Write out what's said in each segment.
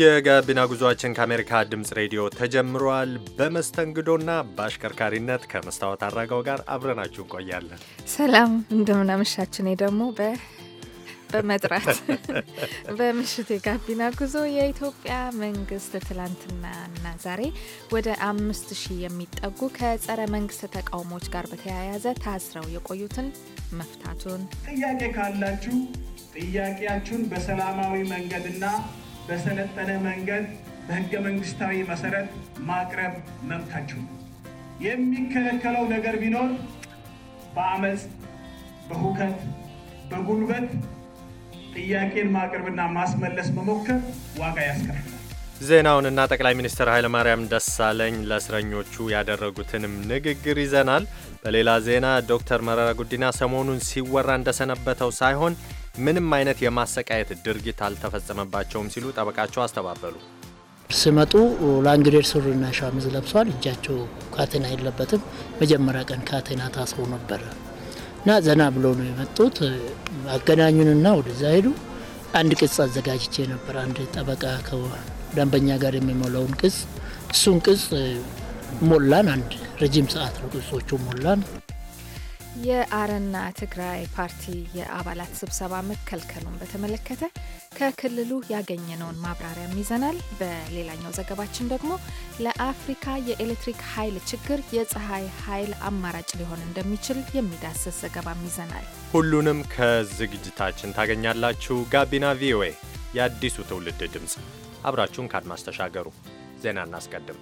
የጋቢና ጉዟችን ከአሜሪካ ድምፅ ሬዲዮ ተጀምሯል። በመስተንግዶና በአሽከርካሪነት ከመስታወት አድራጋው ጋር አብረናችሁ እንቆያለን። ሰላም እንደምናመሻችን። እኔ ደግሞ በመጥራት በምሽት የጋቢና ጉዞ የኢትዮጵያ መንግስት ትላንትናና ዛሬ ወደ አምስት ሺህ የሚጠጉ ከጸረ መንግስት ተቃውሞዎች ጋር በተያያዘ ታስረው የቆዩትን መፍታቱን ጥያቄ ካላችሁ ጥያቄያችሁን በሰላማዊ መንገድና በሰለጠነ መንገድ በህገ መንግስታዊ መሰረት ማቅረብ መብታችሁ ነው። የሚከለከለው ነገር ቢኖር በአመፅ፣ በሁከት፣ በጉልበት ጥያቄን ማቅረብና ማስመለስ መሞከር ዋጋ ያስከፍላል። ዜናውንና ጠቅላይ ሚኒስትር ኃይለማርያም ደሳለኝ ለእስረኞቹ ያደረጉትንም ንግግር ይዘናል። በሌላ ዜና ዶክተር መረራ ጉዲና ሰሞኑን ሲወራ እንደሰነበተው ሳይሆን ምንም አይነት የማሰቃየት ድርጊት አልተፈጸመባቸውም ሲሉ ጠበቃቸው አስተባበሉ። ሲመጡ ላንግዴድ ሱሪና ሸሚዝ ለብሷል። እጃቸው ካቴና የለበትም። መጀመሪያ ቀን ካቴና ታስሮ ነበረ እና ዘና ብሎ ነው የመጡት። አገናኙንና ወደዛ ሄዱ። አንድ ቅጽ አዘጋጅቼ ነበር። አንድ ጠበቃ ከደንበኛ ጋር የሚሞላውን ቅጽ፣ እሱን ቅጽ ሞላን። አንድ ረጅም ሰዓት ነው ቅጾቹ ሞላን። የአረና ትግራይ ፓርቲ የአባላት ስብሰባ መከልከሉን በተመለከተ ከክልሉ ያገኘነውን ማብራሪያም ይዘናል። በሌላኛው ዘገባችን ደግሞ ለአፍሪካ የኤሌክትሪክ ኃይል ችግር የፀሐይ ኃይል አማራጭ ሊሆን እንደሚችል የሚዳስስ ዘገባም ይዘናል። ሁሉንም ከዝግጅታችን ታገኛላችሁ። ጋቢና ቪኦኤ፣ የአዲሱ ትውልድ ድምፅ። አብራችሁን ከአድማስ ተሻገሩ። ዜና እናስቀድም።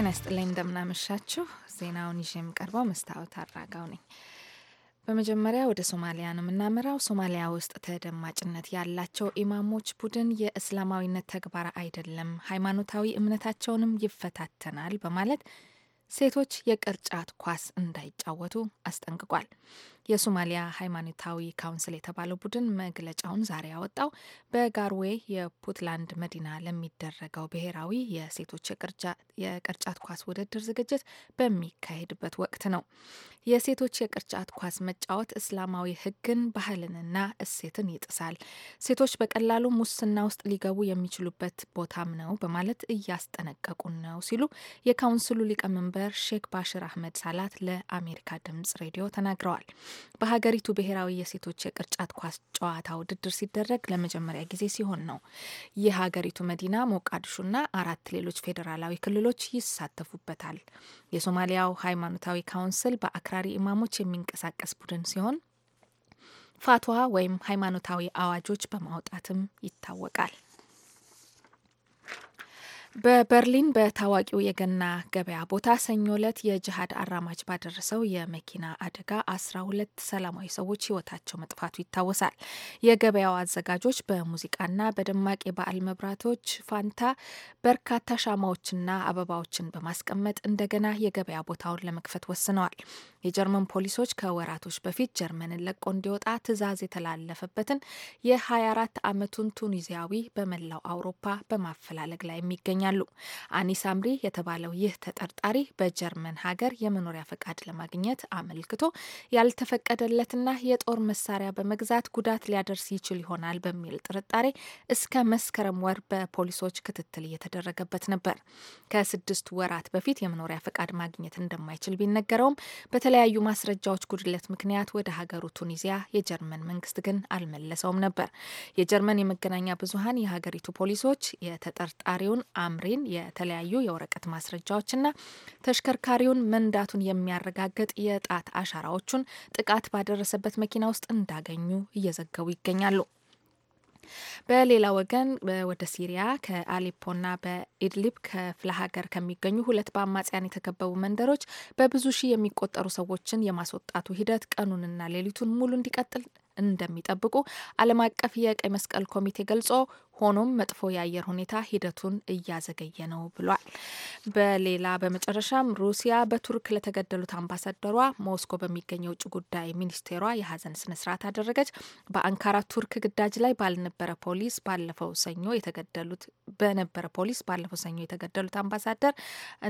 ጤና ይስጥልኝ እንደምናመሻችሁ። ዜናውን ይዤ የምቀርበው መስታወት አራጋው ነኝ። በመጀመሪያ ወደ ሶማሊያ ነው የምናመራው። ሶማሊያ ውስጥ ተደማጭነት ያላቸው ኢማሞች ቡድን የእስላማዊነት ተግባር አይደለም፣ ሃይማኖታዊ እምነታቸውንም ይፈታተናል በማለት ሴቶች የቅርጫት ኳስ እንዳይጫወቱ አስጠንቅቋል። የሶማሊያ ሃይማኖታዊ ካውንስል የተባለው ቡድን መግለጫውን ዛሬ ያወጣው በጋርዌ የፑትላንድ መዲና ለሚደረገው ብሔራዊ የሴቶች የቅርጫት ኳስ ውድድር ዝግጅት በሚካሄድበት ወቅት ነው። የሴቶች የቅርጫት ኳስ መጫወት እስላማዊ ሕግን ባህልንና እሴትን ይጥሳል፣ ሴቶች በቀላሉ ሙስና ውስጥ ሊገቡ የሚችሉበት ቦታም ነው በማለት እያስጠነቀቁን ነው ሲሉ የካውንስሉ ሊቀመንበር ሼክ ባሽር አህመድ ሳላት ለአሜሪካ ድምጽ ሬዲዮ ተናግረዋል። በሀገሪቱ ብሔራዊ የሴቶች የቅርጫት ኳስ ጨዋታ ውድድር ሲደረግ ለመጀመሪያ ጊዜ ሲሆን ነው። የሀገሪቱ መዲና ሞቃዲሾና አራት ሌሎች ፌዴራላዊ ክልሎች ይሳተፉበታል። የሶማሊያው ሃይማኖታዊ ካውንስል በአክራሪ ኢማሞች የሚንቀሳቀስ ቡድን ሲሆን ፋትዋ ወይም ሃይማኖታዊ አዋጆች በማውጣትም ይታወቃል። በበርሊን በታዋቂው የገና ገበያ ቦታ ሰኞ ዕለት የጅሃድ አራማጅ ባደረሰው የመኪና አደጋ አስራ ሁለት ሰላማዊ ሰዎች ሕይወታቸው መጥፋቱ ይታወሳል። የገበያው አዘጋጆች በሙዚቃና በደማቅ የበዓል መብራቶች ፋንታ በርካታ ሻማዎችና አበባዎችን በማስቀመጥ እንደገና የገበያ ቦታውን ለመክፈት ወስነዋል። የጀርመን ፖሊሶች ከወራቶች በፊት ጀርመንን ለቆ እንዲወጣ ትዕዛዝ የተላለፈበትን የ24 ዓመቱን ቱኒዚያዊ በመላው አውሮፓ በማፈላለግ ላይ የሚገኝ ይገኛሉ። አኒስ አምሪ የተባለው ይህ ተጠርጣሪ በጀርመን ሀገር የመኖሪያ ፈቃድ ለማግኘት አመልክቶ ያልተፈቀደለትና የጦር መሳሪያ በመግዛት ጉዳት ሊያደርስ ይችል ይሆናል በሚል ጥርጣሬ እስከ መስከረም ወር በፖሊሶች ክትትል እየተደረገበት ነበር። ከስድስት ወራት በፊት የመኖሪያ ፈቃድ ማግኘት እንደማይችል ቢነገረውም በተለያዩ ማስረጃዎች ጉድለት ምክንያት ወደ ሀገሩ ቱኒዚያ የጀርመን መንግስት ግን አልመለሰውም ነበር። የጀርመን የመገናኛ ብዙሀን የሀገሪቱ ፖሊሶች የተጠርጣሪውን ሳምሪን የተለያዩ የወረቀት ማስረጃዎችና ተሽከርካሪውን መንዳቱን የሚያረጋግጥ የጣት አሻራዎቹን ጥቃት ባደረሰበት መኪና ውስጥ እንዳገኙ እየዘገቡ ይገኛሉ። በሌላ ወገን ወደ ሲሪያ ከአሌፖና በኢድሊብ ክፍለ ሀገር ከሚገኙ ሁለት በአማጽያን የተከበቡ መንደሮች በብዙ ሺህ የሚቆጠሩ ሰዎችን የማስወጣቱ ሂደት ቀኑንና ሌሊቱን ሙሉ እንዲቀጥል እንደሚጠብቁ ዓለም አቀፍ የቀይ መስቀል ኮሚቴ ገልጾ ሆኖም መጥፎ የአየር ሁኔታ ሂደቱን እያዘገየ ነው ብሏል። በሌላ በመጨረሻም ሩሲያ በቱርክ ለተገደሉት አምባሳደሯ ሞስኮ በሚገኘው ውጭ ጉዳይ ሚኒስቴሯ የሀዘን ስነስርዓት አደረገች። በአንካራ ቱርክ ግዳጅ ላይ ባልነበረ ፖሊስ ባለፈው ሰኞ የተገደሉት በነበረ ፖሊስ ባለፈው ሰኞ የተገደሉት አምባሳደር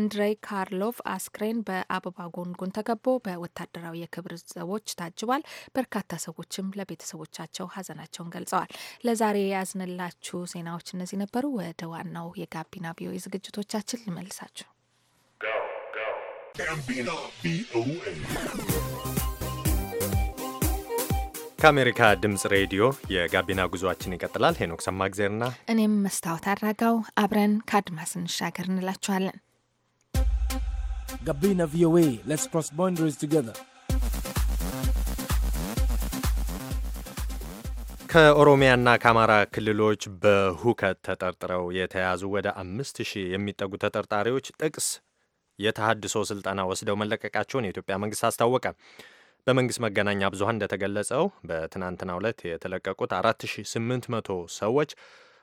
አንድሬይ ካርሎቭ አስክሬን በአበባ ጎንጎን ተከቦ በወታደራዊ የክብር ዘቦች ታጅቧል። በርካታ ሰዎችም ለቤተሰቦቻቸው ሀዘናቸውን ገልጸዋል። ለዛሬ ያዝንላችሁ ዜናዎች እነዚህ ነበሩ። ወደ ዋናው የጋቢና ቪኦኤ ዝግጅቶቻችን ልመልሳችሁ። ከአሜሪካ ድምፅ ሬዲዮ የጋቢና ጉዞአችን ይቀጥላል። ሄኖክ ሰማግዜርና እኔም መስታወት አድራጋው አብረን ከአድማስ እንሻገር እንላችኋለን። ጋቢና ቪኦኤ ሌትስ ክሮስ ባውንደሪስ ቱጌዘር ከኦሮሚያና ከአማራ ክልሎች በሁከት ተጠርጥረው የተያዙ ወደ አምስት ሺህ የሚጠጉ ተጠርጣሪዎች ጥቅስ የተሃድሶ ስልጠና ወስደው መለቀቃቸውን የኢትዮጵያ መንግስት አስታወቀ። በመንግስት መገናኛ ብዙሀን እንደተገለጸው በትናንትናው ዕለት የተለቀቁት 4800 ሰዎች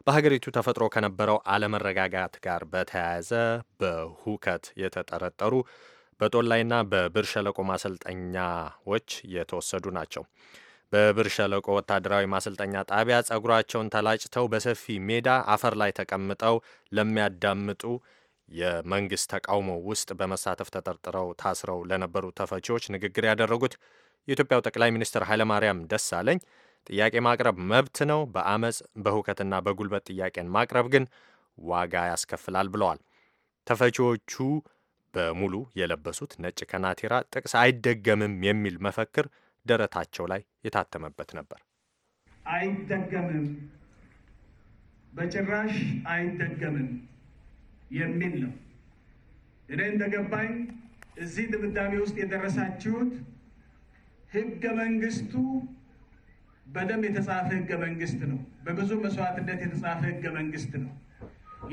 በሀገሪቱ ተፈጥሮ ከነበረው አለመረጋጋት ጋር በተያያዘ በሁከት የተጠረጠሩ በጦላይና በብር ሸለቆ ማሰልጠኛዎች የተወሰዱ ናቸው። በብር ሸለቆ ወታደራዊ ማሰልጠኛ ጣቢያ ጸጉራቸውን ተላጭተው በሰፊ ሜዳ አፈር ላይ ተቀምጠው ለሚያዳምጡ የመንግስት ተቃውሞ ውስጥ በመሳተፍ ተጠርጥረው ታስረው ለነበሩ ተፈቺዎች ንግግር ያደረጉት የኢትዮጵያው ጠቅላይ ሚኒስትር ኃይለማርያም ደሳለኝ ጥያቄ ማቅረብ መብት ነው፣ በአመፅ በሁከትና በጉልበት ጥያቄን ማቅረብ ግን ዋጋ ያስከፍላል ብለዋል። ተፈቺዎቹ በሙሉ የለበሱት ነጭ ከናቲራ ጥቅስ አይደገምም የሚል መፈክር ደረታቸው ላይ የታተመበት ነበር። አይደገምም፣ በጭራሽ አይደገምም የሚል ነው። እኔ እንደገባኝ እዚህ ድምዳሜ ውስጥ የደረሳችሁት ህገ መንግስቱ በደም የተጻፈ ህገ መንግስት ነው። በብዙ መስዋዕትነት የተጻፈ ህገ መንግስት ነው።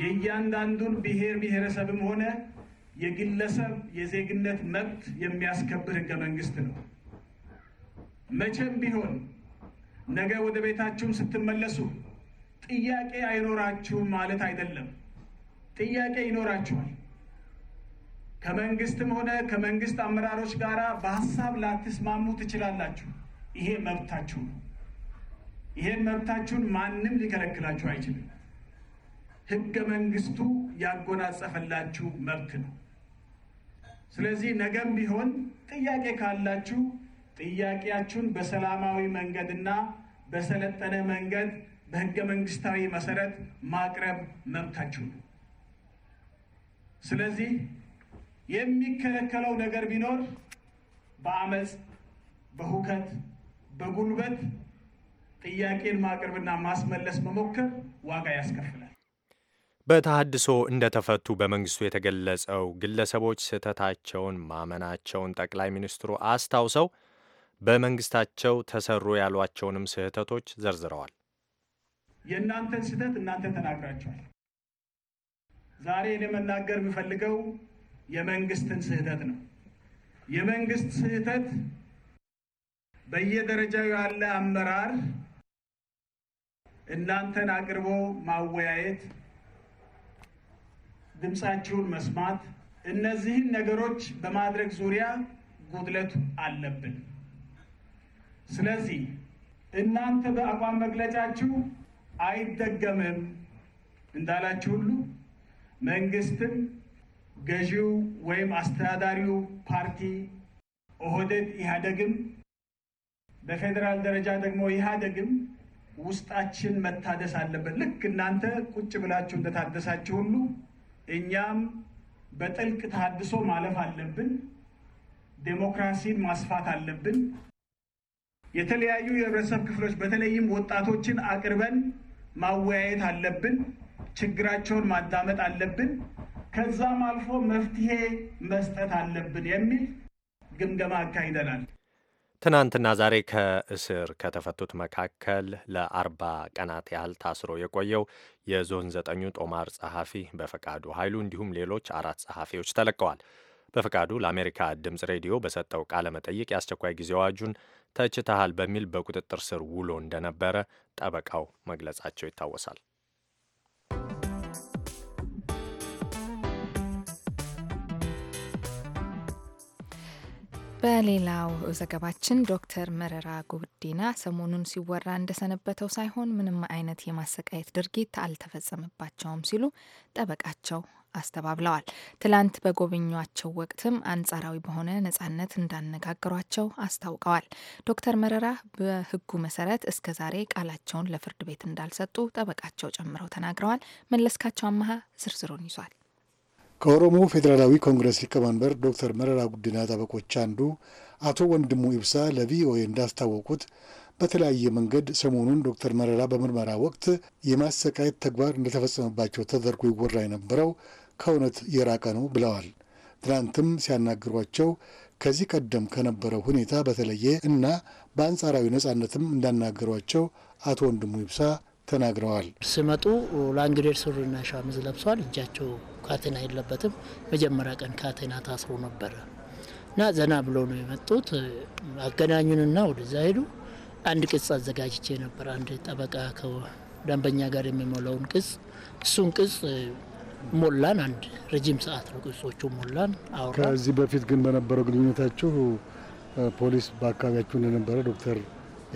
የእያንዳንዱን ብሔር ብሔረሰብም ሆነ የግለሰብ የዜግነት መብት የሚያስከብር ህገ መንግስት ነው። መቼም ቢሆን ነገ ወደ ቤታችሁም ስትመለሱ ጥያቄ አይኖራችሁም ማለት አይደለም። ጥያቄ ይኖራችኋል። ከመንግስትም ሆነ ከመንግስት አመራሮች ጋር በሀሳብ ላትስማሙ ትችላላችሁ። ይሄ መብታችሁ ነው። ይሄን መብታችሁን ማንም ሊከለክላችሁ አይችልም። ህገ መንግስቱ ያጎናጸፈላችሁ መብት ነው። ስለዚህ ነገም ቢሆን ጥያቄ ካላችሁ ጥያቄያችሁን በሰላማዊ መንገድና በሰለጠነ መንገድ በህገ መንግስታዊ መሰረት ማቅረብ መብታችሁ ነው። ስለዚህ የሚከለከለው ነገር ቢኖር በአመፅ፣ በሁከት፣ በጉልበት ጥያቄን ማቅረብና ማስመለስ መሞከር ዋጋ ያስከፍላል። በተሃድሶ እንደተፈቱ በመንግስቱ የተገለጸው ግለሰቦች ስህተታቸውን ማመናቸውን ጠቅላይ ሚኒስትሩ አስታውሰው በመንግስታቸው ተሰሩ ያሏቸውንም ስህተቶች ዘርዝረዋል። የእናንተን ስህተት እናንተ ተናግራቸዋል። ዛሬ እኔ መናገር የምፈልገው የመንግስትን ስህተት ነው። የመንግስት ስህተት በየደረጃው ያለ አመራር እናንተን አቅርቦ ማወያየት፣ ድምፃችሁን መስማት፣ እነዚህን ነገሮች በማድረግ ዙሪያ ጉድለቱ አለብን። ስለዚህ እናንተ በአቋም መግለጫችሁ አይደገምም እንዳላችሁ ሁሉ መንግስትም ገዢው ወይም አስተዳዳሪው ፓርቲ ኦህዴድ ኢህአዴግም በፌዴራል ደረጃ ደግሞ ኢህአዴግም ውስጣችን መታደስ አለበት። ልክ እናንተ ቁጭ ብላችሁ እንደታደሳችሁ ሁሉ እኛም በጥልቅ ተሃድሶ ማለፍ አለብን። ዴሞክራሲን ማስፋት አለብን። የተለያዩ የህብረተሰብ ክፍሎች በተለይም ወጣቶችን አቅርበን ማወያየት አለብን። ችግራቸውን ማዳመጥ አለብን። ከዛም አልፎ መፍትሄ መስጠት አለብን የሚል ግምገማ አካሂደናል። ትናንትና ዛሬ ከእስር ከተፈቱት መካከል ለአርባ ቀናት ያህል ታስሮ የቆየው የዞን ዘጠኙ ጦማር ጸሐፊ በፈቃዱ ኃይሉ እንዲሁም ሌሎች አራት ጸሐፊዎች ተለቀዋል። በፈቃዱ ለአሜሪካ ድምፅ ሬዲዮ በሰጠው ቃለ መጠይቅ የአስቸኳይ ጊዜ አዋጁን ተችተሃል በሚል በቁጥጥር ስር ውሎ እንደነበረ ጠበቃው መግለጻቸው ይታወሳል። በሌላው ዘገባችን ዶክተር መረራ ጉዲና ሰሞኑን ሲወራ እንደሰነበተው ሳይሆን ምንም አይነት የማሰቃየት ድርጊት አልተፈጸመባቸውም ሲሉ ጠበቃቸው አስተባብለዋል። ትላንት በጎበኟቸው ወቅትም አንጻራዊ በሆነ ነጻነት እንዳነጋገሯቸው አስታውቀዋል። ዶክተር መረራ በህጉ መሰረት እስከ ዛሬ ቃላቸውን ለፍርድ ቤት እንዳልሰጡ ጠበቃቸው ጨምረው ተናግረዋል። መለስካቸው አመሀ ዝርዝሩን ይዟል። ከኦሮሞ ፌዴራላዊ ኮንግረስ ሊቀመንበር ዶክተር መረራ ጉዲና ጠበቆች አንዱ አቶ ወንድሙ ኢብሳ ለቪኦኤ እንዳስታወቁት በተለያየ መንገድ ሰሞኑን ዶክተር መረራ በምርመራ ወቅት የማሰቃየት ተግባር እንደተፈጸመባቸው ተደርጎ ይወራ የነበረው ከእውነት የራቀ ነው ብለዋል። ትናንትም ሲያናግሯቸው ከዚህ ቀደም ከነበረው ሁኔታ በተለየ እና በአንጻራዊ ነጻነትም እንዳናገሯቸው አቶ ወንድሙ ይብሳ ተናግረዋል። ሲመጡ ላንግዴር ሱሪና ሸሚዝ ለብሷል። እጃቸው ካቴና የለበትም። መጀመሪያ ቀን ካቴና ታስሮ ነበረ እና ዘና ብሎ ነው የመጡት። አገናኙንና ወደዛ ሄዱ። አንድ ቅጽ አዘጋጅቼ ነበር። አንድ ጠበቃ ከደንበኛ ጋር የሚሞላውን ቅጽ እሱን ቅጽ ሞላን። አንድ ረጅም ሰዓት ነው ቅጾቹ ሞላን አውራ። ከዚህ በፊት ግን በነበረው ግንኙነታችሁ ፖሊስ በአካባቢያችሁ እንደነበረ ዶክተር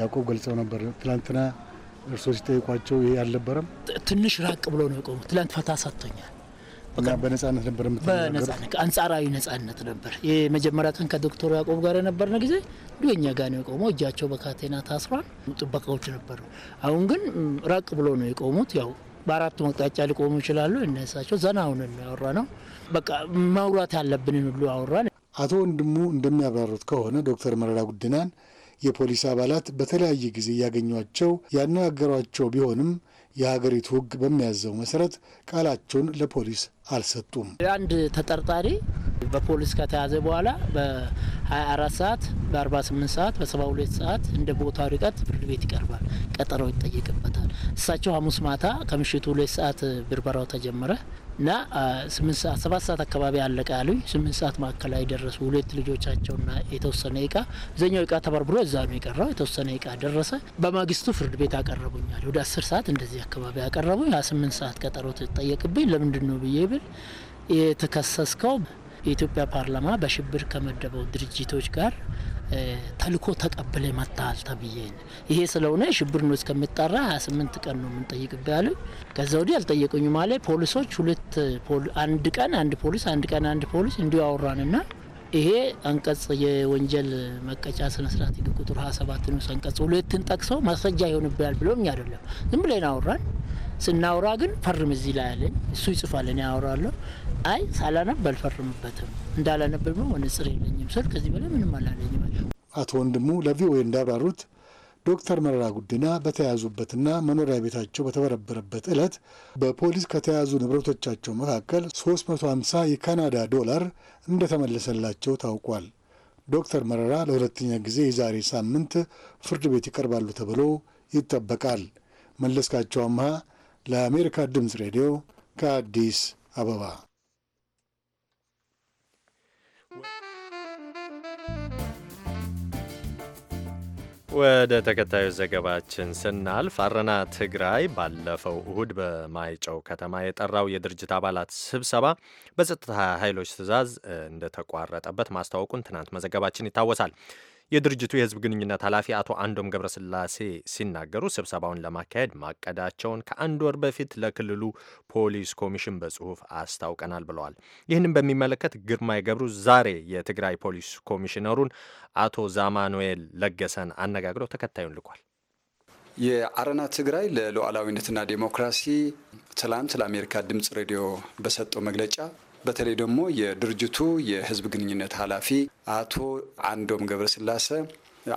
ያዕቆብ ገልጸው ነበር። ትላንትና እርስዎ ሲጠይቋቸው ይሄ አልነበረም? ትንሽ ራቅ ብሎ ነው የቆሙ። ትላንት ፈታ ሰጥቶኛል። በነጻነት ነበር በነጻነት አንጻራዊ ነጻነት ነበር። የመጀመሪያ ቀን ከዶክተር ያዕቆብ ጋር የነበርነ ጊዜ ዱኛ ጋር ነው የቆመው። እጃቸው በካቴና ታስሯል። ጥበቃዎች ነበሩ። አሁን ግን ራቅ ብሎ ነው የቆሙት ያው በአራቱ መቅጣጫ ሊቆሙ ይችላሉ። እነሳቸው ዘናውን ሁነን ነው በቃ መውራት ያለብንን ሁሉ አወራን። አቶ ወንድሙ እንደሚያብራሩት ከሆነ ዶክተር መረራ ጉዲናን የፖሊስ አባላት በተለያየ ጊዜ እያገኟቸው ያነጋገሯቸው ቢሆንም የሀገሪቱ ሕግ በሚያዘው መሰረት ቃላቸውን ለፖሊስ አልሰጡም። አንድ ተጠርጣሪ በፖሊስ ከተያዘ በኋላ በ24 ሰዓት፣ በ48 ሰዓት፣ በ72 ሰዓት እንደ ቦታው ርቀት ፍርድ ቤት ይቀርባል፣ ቀጠሮ ይጠየቅበታል። እሳቸው ሐሙስ ማታ ከምሽቱ ሁለት ሰዓት ብርበራው ተጀመረ። እና ስምንት ሰዓት ሰባት ሰዓት አካባቢ አለቀ ያሉኝ። ስምንት ሰዓት መካከል ላይ ደረሱ ሁለት ልጆቻቸውና የተወሰነ እቃ እዘኛው እቃ ተበርብሮ እዛ ነው የቀረው። የተወሰነ እቃ ደረሰ። በማግስቱ ፍርድ ቤት አቀረቡኛል። ወደ አስር ሰዓት እንደዚህ አካባቢ አቀረቡኝ። ያ ስምንት ሰዓት ቀጠሮ ትጠየቅብኝ ለምንድን ነው ብዬ ብል የተከሰስከው የኢትዮጵያ ፓርላማ በሽብር ከመደበው ድርጅቶች ጋር ተልኮ ተቀብለ መታል ተብዬ ይሄ ስለሆነ ሽብር ነው እስከሚጣራ 28 ቀን ነው የምንጠይቅበት ያለ። ከዛ ወዲህ አልጠየቁኝ ማለ ፖሊሶች ሁለት አንድ ቀን አንድ ፖሊስ አንድ ቀን አንድ ፖሊስ እንዲሁ አወራንና ይሄ አንቀጽ የወንጀል መቀጫ ስነ ስርዓት ህግ ቁጥር 27 ነው አንቀጽ ሁለትን ጠቅሰው ማስረጃ ይሆንብናል ብሎም አይደለም ዝም ብለን አወራን። ስናወራ ግን ፈርም እዚህ ላይ አለኝ እሱ ይጽፋል እኔ አወራለሁ አይ ሳላነብ አልፈርምበትም እንዳላነብብ ነው መነጽር የለኝም ስል ከዚህ በላይ ምንም አላለኝም። አቶ ወንድሙ ለቪኦኤ እንዳብራሩት ዶክተር መረራ ጉዲና በተያዙበትና መኖሪያ ቤታቸው በተበረበረበት ዕለት በፖሊስ ከተያዙ ንብረቶቻቸው መካከል 350 የካናዳ ዶላር እንደተመለሰላቸው ታውቋል። ዶክተር መረራ ለሁለተኛ ጊዜ የዛሬ ሳምንት ፍርድ ቤት ይቀርባሉ ተብሎ ይጠበቃል። መለስካቸው አምሃ ለአሜሪካ ድምፅ ሬዲዮ ከአዲስ አበባ ወደ ተከታዩ ዘገባችን ስናልፍ አረና ትግራይ ባለፈው እሁድ በማይጨው ከተማ የጠራው የድርጅት አባላት ስብሰባ በጸጥታ ኃይሎች ትዕዛዝ እንደተቋረጠበት ማስታወቁን ትናንት መዘገባችን ይታወሳል። የድርጅቱ የህዝብ ግንኙነት ኃላፊ አቶ አንዶም ገብረስላሴ ሲናገሩ ስብሰባውን ለማካሄድ ማቀዳቸውን ከአንድ ወር በፊት ለክልሉ ፖሊስ ኮሚሽን በጽሁፍ አስታውቀናል ብለዋል። ይህንም በሚመለከት ግርማይ ገብሩ ዛሬ የትግራይ ፖሊስ ኮሚሽነሩን አቶ ዛማኑኤል ለገሰን አነጋግረው ተከታዩን ልኳል። የአረና ትግራይ ለሉዓላዊነትና ዴሞክራሲ ትላንት ለአሜሪካ ድምፅ ሬዲዮ በሰጠው መግለጫ በተለይ ደግሞ የድርጅቱ የህዝብ ግንኙነት ኃላፊ አቶ አንዶም ገብረስላሰ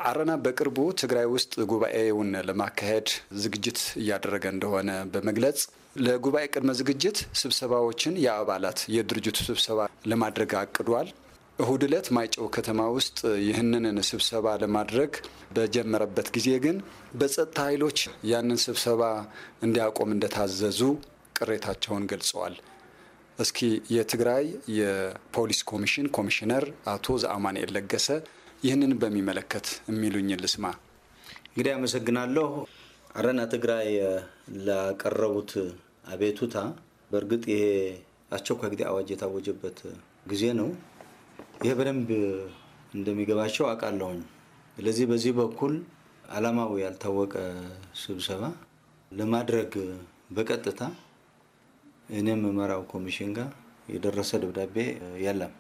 አረና በቅርቡ ትግራይ ውስጥ ጉባኤውን ለማካሄድ ዝግጅት እያደረገ እንደሆነ በመግለጽ ለጉባኤ ቅድመ ዝግጅት ስብሰባዎችን የአባላት የድርጅቱ ስብሰባ ለማድረግ አቅዷል። እሁድ ዕለት ማይጨው ከተማ ውስጥ ይህንን ስብሰባ ለማድረግ በጀመረበት ጊዜ ግን በጸጥታ ኃይሎች ያንን ስብሰባ እንዲያቆም እንደታዘዙ ቅሬታቸውን ገልጸዋል። እስኪ የትግራይ የፖሊስ ኮሚሽን ኮሚሽነር አቶ ዘአማንኤል ለገሰ ይህንን በሚመለከት የሚሉኝ ልስማ። እንግዲህ አመሰግናለሁ። አረና ትግራይ ላቀረቡት አቤቱታ በእርግጥ ይሄ አስቸኳይ ጊዜ አዋጅ የታወጀበት ጊዜ ነው። ይሄ በደንብ እንደሚገባቸው አውቃለሁኝ። ስለዚህ በዚህ በኩል አላማዊ ያልታወቀ ስብሰባ ለማድረግ በቀጥታ እኔ የምመራው ኮሚሽን ጋር የደረሰ ደብዳቤ የለም።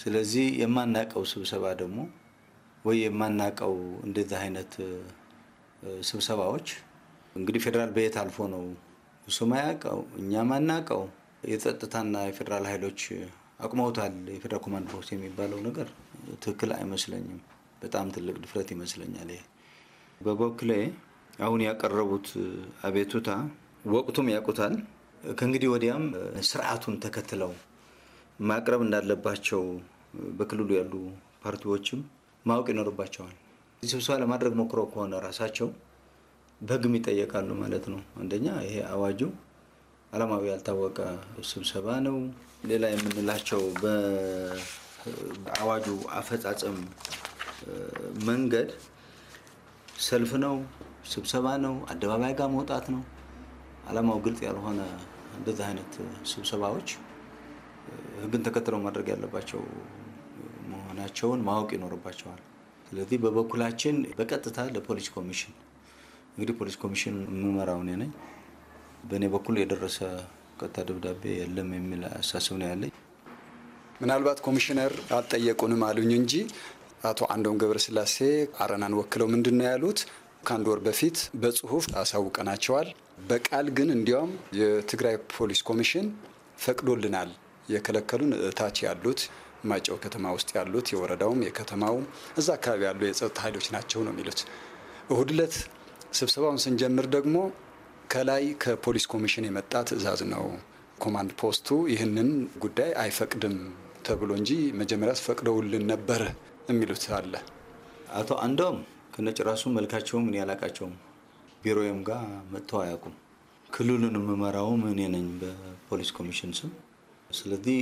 ስለዚህ የማናቀው ስብሰባ ደግሞ ወይ የማናቀው እንደዚህ አይነት ስብሰባዎች እንግዲህ ፌዴራል በየት አልፎ ነው እሱ ማያውቀው እኛ ማናቀው የጸጥታና የፌዴራል ኃይሎች አቁመውታል። የፌዴራል ኮማንድ ፖስት የሚባለው ነገር ትክክል አይመስለኝም። በጣም ትልቅ ድፍረት ይመስለኛል። በበኩሌ አሁን ያቀረቡት አቤቱታ ወቅቱም ያውቁታል ከእንግዲህ ወዲያም ስርዓቱን ተከትለው ማቅረብ እንዳለባቸው በክልሉ ያሉ ፓርቲዎችም ማወቅ ይኖርባቸዋል። ስብሰባ ለማድረግ ሞክረው ከሆነ ራሳቸው በህግም ይጠየቃሉ ማለት ነው። አንደኛ ይሄ አዋጁ አላማዊ ያልታወቀ ስብሰባ ነው። ሌላ የምንላቸው በአዋጁ አፈጻጸም መንገድ ሰልፍ ነው፣ ስብሰባ ነው፣ አደባባይ ጋር መውጣት ነው። አላማው ግልጽ ያልሆነ እንደዚህ አይነት ስብሰባዎች ህግን ተከትለው ማድረግ ያለባቸው መሆናቸውን ማወቅ ይኖርባቸዋል። ስለዚህ በበኩላችን በቀጥታ ለፖሊስ ኮሚሽን እንግዲህ ፖሊስ ኮሚሽን የምመራው እኔ ነኝ። በእኔ በኩል የደረሰ ቀጥታ ደብዳቤ የለም የሚል አሳስብ ነው ያለኝ። ምናልባት ኮሚሽነር አልጠየቁንም አሉኝ እንጂ አቶ አንዶም ገብረስላሴ አረናን ወክለው ምንድን ነው ያሉት? ከአንድ ወር በፊት በጽሁፍ አሳውቀናቸዋል። በቃል ግን እንዲያውም የትግራይ ፖሊስ ኮሚሽን ፈቅዶልናል። የከለከሉን እታች ያሉት ማጨው ከተማ ውስጥ ያሉት የወረዳውም የከተማውም እዛ አካባቢ ያሉ የጸጥታ ኃይሎች ናቸው ነው የሚሉት። እሁድ ዕለት ስብሰባውን ስንጀምር ደግሞ ከላይ ከፖሊስ ኮሚሽን የመጣ ትዕዛዝ ነው። ኮማንድ ፖስቱ ይህንን ጉዳይ አይፈቅድም ተብሎ እንጂ መጀመሪያ ፈቅደውልን ነበር የሚሉት አለ። አቶ አንዶም ከነጭራሱ መልካቸውም እኔ ቢሮዬም ጋር መጥተው አያውቁም። ክልሉን የምመራውም እኔ ነኝ በፖሊስ ኮሚሽን ስም። ስለዚህ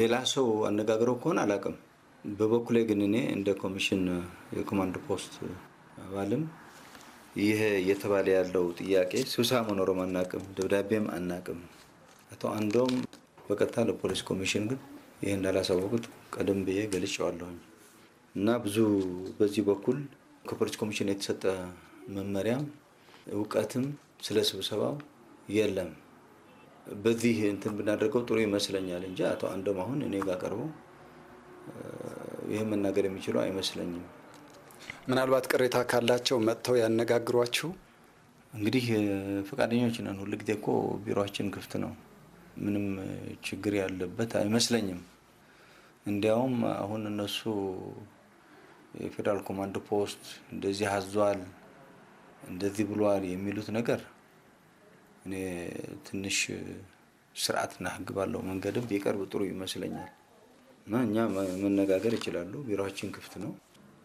ሌላ ሰው አነጋግረው ከሆነ አላውቅም። በበኩሌ ግን እኔ እንደ ኮሚሽን የኮማንድ ፖስት አባልም ይሄ እየተባለ ያለው ጥያቄ ስብሰባ መኖሩም አናቅም ደብዳቤም አናቅም አቶ አንዶም በቀጥታ ለፖሊስ ኮሚሽን ግን ይህ እንዳላሳወቁት ቀደም ብዬ ገልጬዋለሁኝ እና ብዙ በዚህ በኩል ከፖሊስ ኮሚሽን የተሰጠ መመሪያም እውቀትም ስለ ስብሰባው የለም። በዚህ እንትን ብናደርገው ጥሩ ይመስለኛል እንጂ አቶ አንዶም አሁን እኔ ጋር ቀርቦ ይህን መናገር የሚችሉ አይመስለኝም። ምናልባት ቅሬታ ካላቸው መጥተው ያነጋግሯችሁ። እንግዲህ ፈቃደኞች ነን። ጊዜ እኮ ቢሮችን ክፍት ነው። ምንም ችግር ያለበት አይመስለኝም። እንዲያውም አሁን እነሱ የፌዴራል ኮማንድ ፖስት እንደዚህ አዟል እንደዚህ ብሏል የሚሉት ነገር እኔ ትንሽ ስርዓትና ህግ ባለው መንገድም ቢቀርብ ጥሩ ይመስለኛል እና እኛ መነጋገር ይችላሉ። ቢሮችን ክፍት ነው።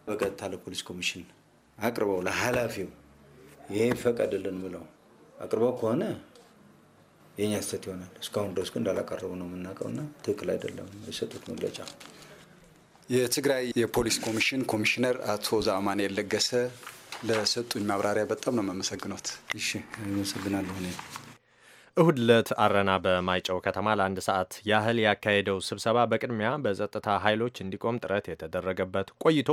በቀጥታ ለፖሊስ ኮሚሽን አቅርበው ለኃላፊው ይሄ ፈቀድልን ብለው አቅርበው ከሆነ የኛ ስህተት ይሆናል። እስካሁን ድረስ ግን እንዳላቀረቡ ነው የምናውቀውና ትክክል አይደለም የሰጡት መግለጫ። የትግራይ የፖሊስ ኮሚሽን ኮሚሽነር አቶ ዛማንኤል ለገሰ ለሰጡኝ ማብራሪያ በጣም ነው የማመሰግኖት። እሺ አመሰግናለሁ። እኔ እሁድ ለት አረና በማይጨው ከተማ ለአንድ ሰዓት ያህል ያካሄደው ስብሰባ በቅድሚያ በጸጥታ ኃይሎች እንዲቆም ጥረት የተደረገበት ቆይቶ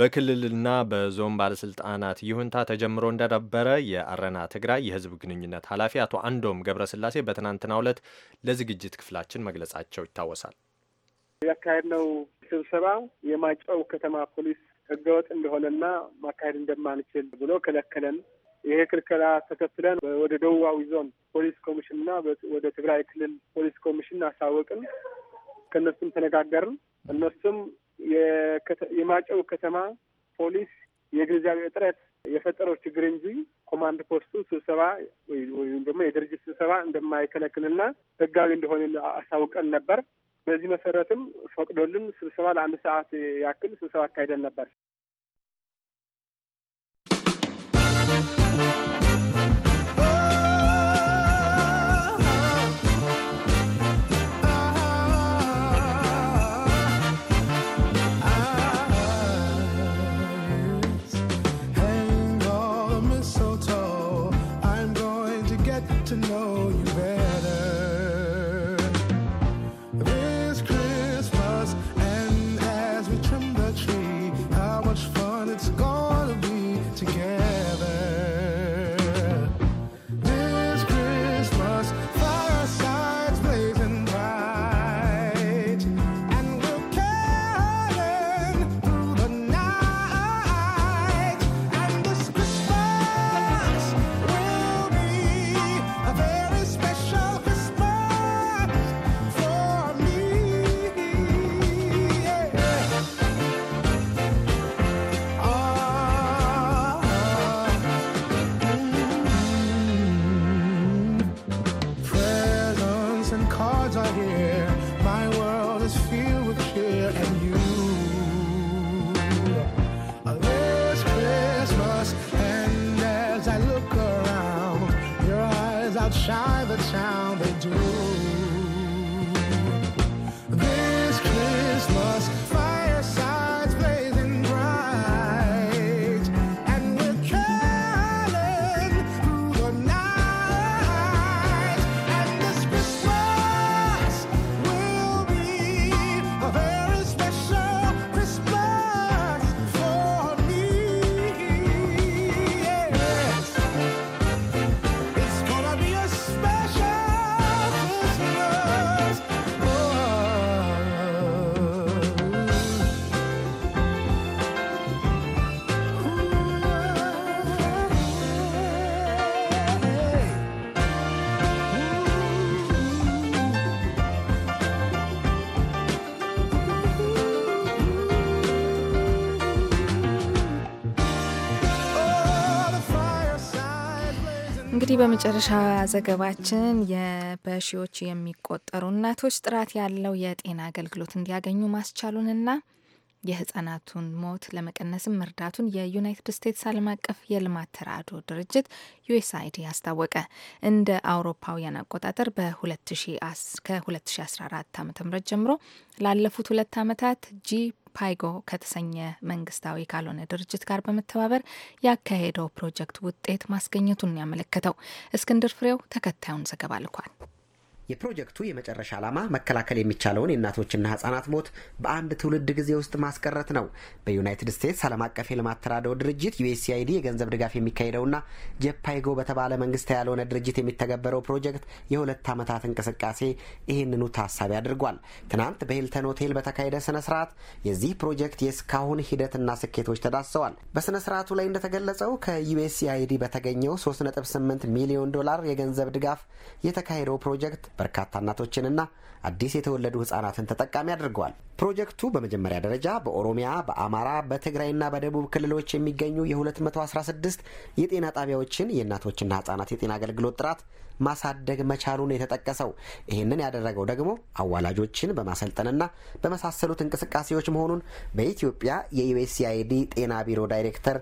በክልልና በዞን ባለስልጣናት ይሁንታ ተጀምሮ እንደነበረ የአረና ትግራይ የህዝብ ግንኙነት ኃላፊ አቶ አንዶም ገብረስላሴ በትናንትናው ዕለት ለዝግጅት ክፍላችን መግለጻቸው ይታወሳል። ያካሄድነው ስብሰባ የማይጨው ከተማ ፖሊስ ህገወጥ እንደሆነና ማካሄድ እንደማንችል ብሎ ከለከለን። ይሄ ክልከላ ተከትለን ወደ ደቡባዊ ዞን ፖሊስ ኮሚሽንና ወደ ትግራይ ክልል ፖሊስ ኮሚሽን አሳወቅን። ከእነሱም ተነጋገርን። እነሱም የማጨው ከተማ ፖሊስ የግንዛቤ እጥረት የፈጠረው ችግር እንጂ ኮማንድ ፖስቱ ስብሰባ ወይም ደግሞ የድርጅት ስብሰባ እንደማይከለክልና ህጋዊ እንደሆነ አሳውቀን ነበር። በዚህ መሰረትም ፈቅዶልን ስብሰባ ለአንድ ሰዓት ያክል ስብሰባ አካሂደን ነበር። እንግዲህ በመጨረሻ ዘገባችን በሺዎች የሚቆጠሩ እናቶች ጥራት ያለው የጤና አገልግሎት እንዲያገኙ ማስቻሉንና የህጻናቱን ሞት ለመቀነስም መርዳቱን የዩናይትድ ስቴትስ ዓለም አቀፍ የልማት ተራድኦ ድርጅት ዩኤስአይዲ አስታወቀ። እንደ አውሮፓውያን አቆጣጠር ከ2014 ዓ ም ጀምሮ ላለፉት ሁለት ዓመታት ጂ ፓይጎ ከተሰኘ መንግስታዊ ካልሆነ ድርጅት ጋር በመተባበር ያካሄደው ፕሮጀክት ውጤት ማስገኘቱን ያመለከተው። እስክንድር ፍሬው ተከታዩን ዘገባ ልኳል። የፕሮጀክቱ የመጨረሻ ዓላማ መከላከል የሚቻለውን የእናቶችና ህጻናት ሞት በአንድ ትውልድ ጊዜ ውስጥ ማስቀረት ነው። በዩናይትድ ስቴትስ ዓለም አቀፍ የልማት ተራድኦ ድርጅት ዩኤስአይዲ የገንዘብ ድጋፍ የሚካሄደውና ጄፓይጎ በተባለ መንግስት ያልሆነ ድርጅት የሚተገበረው ፕሮጀክት የሁለት ዓመታት እንቅስቃሴ ይህንኑ ታሳቢ አድርጓል። ትናንት በሂልተን ሆቴል በተካሄደ ስነ ስርዓት የዚህ ፕሮጀክት የእስካሁን ሂደትና ስኬቶች ተዳሰዋል። በስነ ስርዓቱ ላይ እንደተገለጸው ከዩኤስአይዲ በተገኘው 3.8 ሚሊዮን ዶላር የገንዘብ ድጋፍ የተካሄደው ፕሮጀክት በርካታ እናቶችንና አዲስ የተወለዱ ህጻናትን ተጠቃሚ አድርገዋል። ፕሮጀክቱ በመጀመሪያ ደረጃ በኦሮሚያ፣ በአማራ፣ በትግራይና በደቡብ ክልሎች የሚገኙ የ216 የጤና ጣቢያዎችን የእናቶችና ህጻናት የጤና አገልግሎት ጥራት ማሳደግ መቻሉን የተጠቀሰው ይህንን ያደረገው ደግሞ አዋላጆችን በማሰልጠንና በመሳሰሉት እንቅስቃሴዎች መሆኑን በኢትዮጵያ የዩኤስአይዲ ጤና ቢሮ ዳይሬክተር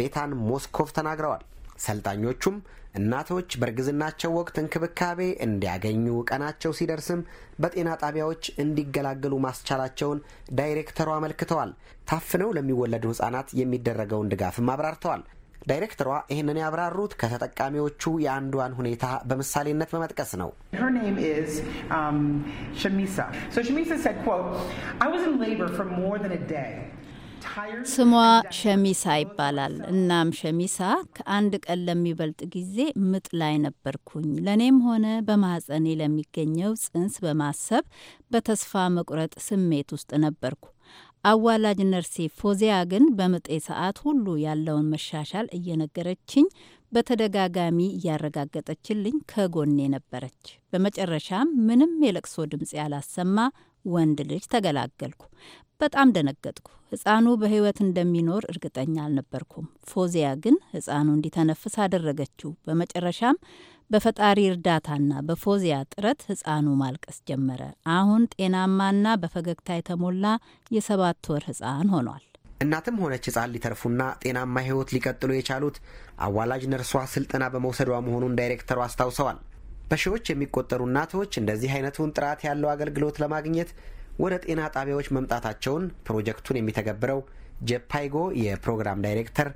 ቤታን ሞስኮቭ ተናግረዋል። ሰልጣኞቹም እናቶች በእርግዝናቸው ወቅት እንክብካቤ እንዲያገኙ ቀናቸው ሲደርስም በጤና ጣቢያዎች እንዲገላገሉ ማስቻላቸውን ዳይሬክተሩ አመልክተዋል። ታፍነው ለሚወለዱ ሕጻናት የሚደረገውን ድጋፍም አብራርተዋል። ዳይሬክተሯ ይህንን ያብራሩት ከተጠቃሚዎቹ የአንዷን ሁኔታ በምሳሌነት በመጥቀስ ነው። ሸሚሳ ስሟ ሸሚሳ ይባላል። እናም ሸሚሳ ከአንድ ቀን ለሚበልጥ ጊዜ ምጥ ላይ ነበርኩኝ። ለእኔም ሆነ በማህፀኔ ለሚገኘው ጽንስ በማሰብ በተስፋ መቁረጥ ስሜት ውስጥ ነበርኩ። አዋላጅ ነርሴ ፎዚያ ግን በምጤ ሰዓት ሁሉ ያለውን መሻሻል እየነገረችኝ በተደጋጋሚ እያረጋገጠችልኝ ከጎኔ ነበረች። በመጨረሻም ምንም የለቅሶ ድምፅ ያላሰማ ወንድ ልጅ ተገላገልኩ። በጣም ደነገጥኩ። ህፃኑ በህይወት እንደሚኖር እርግጠኛ አልነበርኩም። ፎዚያ ግን ህፃኑ እንዲተነፍስ አደረገችው። በመጨረሻም በፈጣሪ እርዳታና በፎዚያ ጥረት ህፃኑ ማልቀስ ጀመረ። አሁን ጤናማና በፈገግታ የተሞላ የሰባት ወር ህፃን ሆኗል። እናትም ሆነች ህፃን ሊተርፉና ጤናማ ህይወት ሊቀጥሉ የቻሉት አዋላጅ ነርሷ ስልጠና በመውሰዷ መሆኑን ዳይሬክተሩ አስታውሰዋል። በሺዎች የሚቆጠሩ እናቶች እንደዚህ አይነቱን ጥራት ያለው አገልግሎት ለማግኘት ወደ ጤና ጣቢያዎች መምጣታቸውን ፕሮጀክቱን የሚተገብረው ጀፓይጎ የፕሮግራም ዳይሬክተር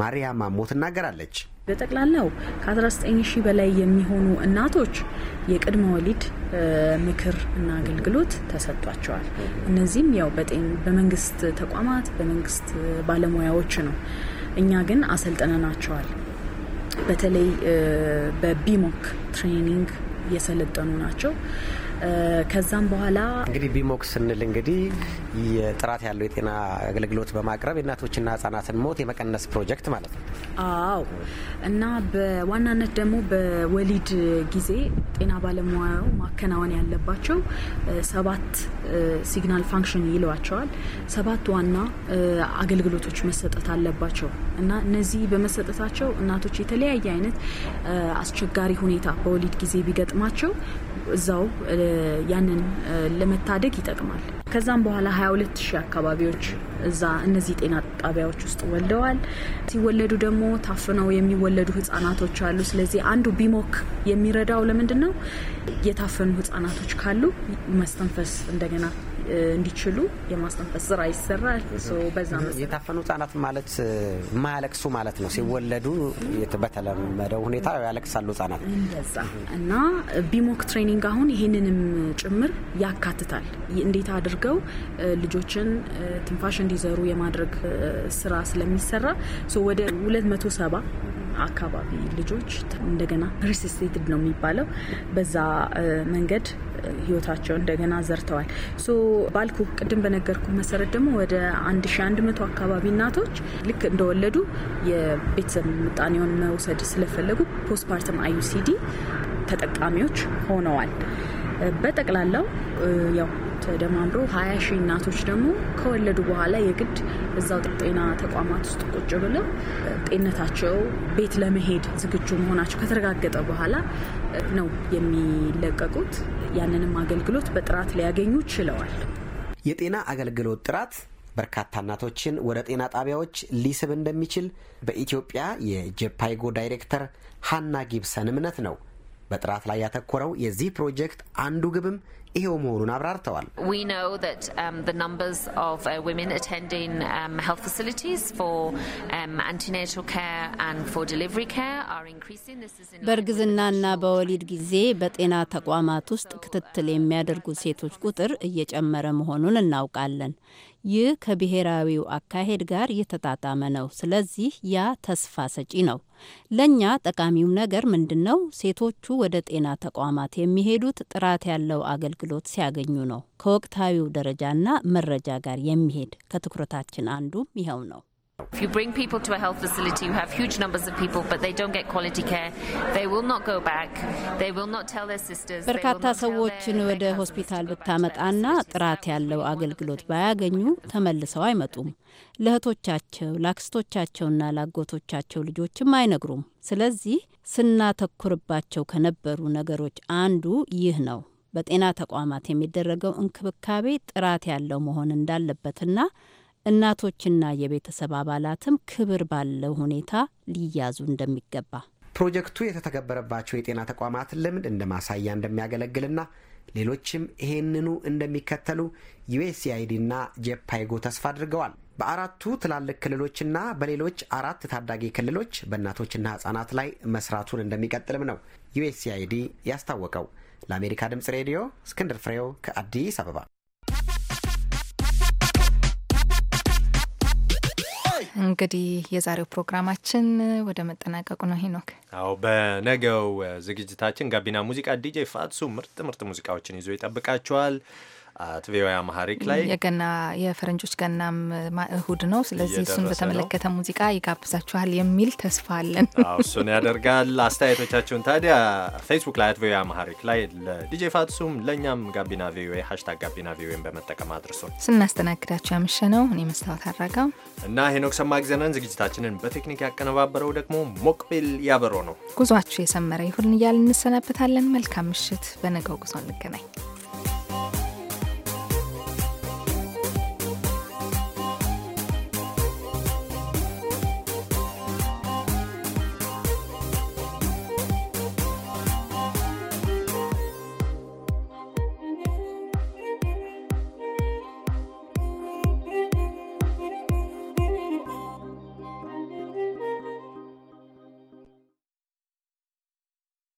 ማሪያ ማሞ ትናገራለች። በጠቅላላው ከ19 ሺህ በላይ የሚሆኑ እናቶች የቅድመ ወሊድ ምክር እና አገልግሎት ተሰጥቷቸዋል። እነዚህም ያው በመንግስት ተቋማት በመንግስት ባለሙያዎች ነው። እኛ ግን አሰልጥነናቸዋል። በተለይ በቢሞክ ትሬኒንግ የሰለጠኑ ናቸው። ከዛም በኋላ እንግዲህ ቢሞክ ስንል እንግዲህ ጥራት ያለው የጤና አገልግሎት በማቅረብ የእናቶችና ህጻናትን ሞት የመቀነስ ፕሮጀክት ማለት ነው። አዎ እና በዋናነት ደግሞ በወሊድ ጊዜ ጤና ባለሙያው ማከናወን ያለባቸው ሰባት ሲግናል ፋንክሽን ይለዋቸዋል። ሰባት ዋና አገልግሎቶች መሰጠት አለባቸው እና እነዚህ በመሰጠታቸው እናቶች የተለያየ አይነት አስቸጋሪ ሁኔታ በወሊድ ጊዜ ቢገጥማቸው እዛው ያንን ለመታደግ ይጠቅማል። ከዛም በኋላ 22 ሺህ አካባቢዎች እዛ እነዚህ ጤና ጣቢያዎች ውስጥ ወልደዋል። ሲወለዱ ደግሞ ታፍነው የሚወለዱ ህጻናቶች አሉ። ስለዚህ አንዱ ቢሞክ የሚረዳው ለምንድን ነው? የታፈኑ ህጻናቶች ካሉ መስተንፈስ እንደገና እንዲችሉ የማስተንፈስ ስራ ይሰራል። በዛ የታፈኑ ህጻናት ማለት የማያለቅሱ ማለት ነው። ሲወለዱ በተለመደው ሁኔታ ያለቅሳሉ ህጻናት እንደዛ እና ቢሞክ ትሬኒንግ አሁን ይህንንም ጭምር ያካትታል። እንዴት አድርገው ልጆችን ትንፋሽ እንዲዘሩ የማድረግ ስራ ስለሚሰራ ወደ 270 አካባቢ ልጆች እንደገና ሪስስቴትድ ነው የሚባለው በዛ መንገድ ህይወታቸው እንደገና ዘርተዋል። ሶ ባልኩ ቅድም በነገርኩ መሰረት ደግሞ ወደ 1100 አካባቢ እናቶች ልክ እንደወለዱ የቤተሰብ ምጣኔውን መውሰድ ስለፈለጉ ፖስትፓርተም አዩሲዲ ተጠቃሚዎች ሆነዋል። በጠቅላላው ያው ደማምሮ ሀያ ሺህ እናቶች ደግሞ ከወለዱ በኋላ የግድ እዛው ጤና ተቋማት ውስጥ ቁጭ ብለው ጤንነታቸው ቤት ለመሄድ ዝግጁ መሆናቸው ከተረጋገጠ በኋላ ነው የሚለቀቁት። ያንንም አገልግሎት በጥራት ሊያገኙ ችለዋል። የጤና አገልግሎት ጥራት በርካታ እናቶችን ወደ ጤና ጣቢያዎች ሊስብ እንደሚችል በኢትዮጵያ የጄፓይጎ ዳይሬክተር ሀና ጊብሰን እምነት ነው። በጥራት ላይ ያተኮረው የዚህ ፕሮጀክት አንዱ ግብም ይሄው መሆኑን አብራርተዋል። um, uh, um, um, በእርግዝናና በወሊድ ጊዜ በጤና ተቋማት ውስጥ ክትትል የሚያደርጉ ሴቶች ቁጥር እየጨመረ መሆኑን እናውቃለን። ይህ ከብሔራዊው አካሄድ ጋር የተጣጣመ ነው። ስለዚህ ያ ተስፋ ሰጪ ነው። ለእኛ ጠቃሚው ነገር ምንድን ነው? ሴቶቹ ወደ ጤና ተቋማት የሚሄዱት ጥራት ያለው አገልግሎት ሲያገኙ ነው። ከወቅታዊው ደረጃና መረጃ ጋር የሚሄድ ከትኩረታችን አንዱም ይኸው ነው። If you bring people to a health facility, you have huge numbers of people, but they don't get quality care. They will not go back. They will not tell their sisters. በርካታ ሰዎችን ወደ ሆስፒታል ብታመጣና ጥራት ያለው አገልግሎት ባያገኙ ተመልሰው አይመጡም። ለእህቶቻቸው፣ ለአክስቶቻቸውና ላጎቶቻቸው ልጆችም አይነግሩም። ስለዚህ ስናተኩርባቸው ከነበሩ ነገሮች አንዱ ይህ ነው። በጤና ተቋማት የሚደረገው እንክብካቤ ጥራት ያለው መሆን እንዳለበትና እናቶችና የቤተሰብ አባላትም ክብር ባለው ሁኔታ ሊያዙ እንደሚገባ ፕሮጀክቱ የተተገበረባቸው የጤና ተቋማት ልምድ እንደ ማሳያ እንደሚያገለግልና ሌሎችም ይሄንኑ እንደሚከተሉ ዩኤስኤአይዲና ጄፓይጎ ተስፋ አድርገዋል። በአራቱ ትላልቅ ክልሎችና በሌሎች አራት ታዳጊ ክልሎች በእናቶችና ህጻናት ላይ መስራቱን እንደሚቀጥልም ነው ዩኤስኤአይዲ ያስታወቀው። ለአሜሪካ ድምጽ ሬዲዮ እስክንድር ፍሬው ከአዲስ አበባ እንግዲህ የዛሬው ፕሮግራማችን ወደ መጠናቀቁ ነው። ሄኖክ አዎ፣ በነገው ዝግጅታችን ጋቢና ሙዚቃ ዲጄ ፋትሱ ምርጥ ምርጥ ሙዚቃዎችን ይዞ ይጠብቃችኋል። አት ቪኦኤ አማሃሪክ ላይ የገና የፈረንጆች ገናም እሁድ ነው። ስለዚህ እሱን በተመለከተ ሙዚቃ ይጋብዛችኋል የሚል ተስፋ አለን። እሱን ያደርጋል። አስተያየቶቻችሁን ታዲያ ፌስቡክ ላይ አት ቪኦኤ ላይ ለዲጄ ፋትሱም ለእኛም ጋቢና ቪኦኤ ሀሽታግ ጋቢና ቪኦኤን በመጠቀም አድርሶ ስናስተናግዳችሁ ያምሸ ነው እኔ መስታወት አራጋው እና ሄኖክ ሰማእግዜርን። ዝግጅታችንን በቴክኒክ ያቀነባበረው ደግሞ ሞቅቤል ያበሮ ነው። ጉዟችሁ የሰመረ ይሁን እያል እንሰናበታለን። መልካም ምሽት። በነገው ጉዞ እንገናኝ።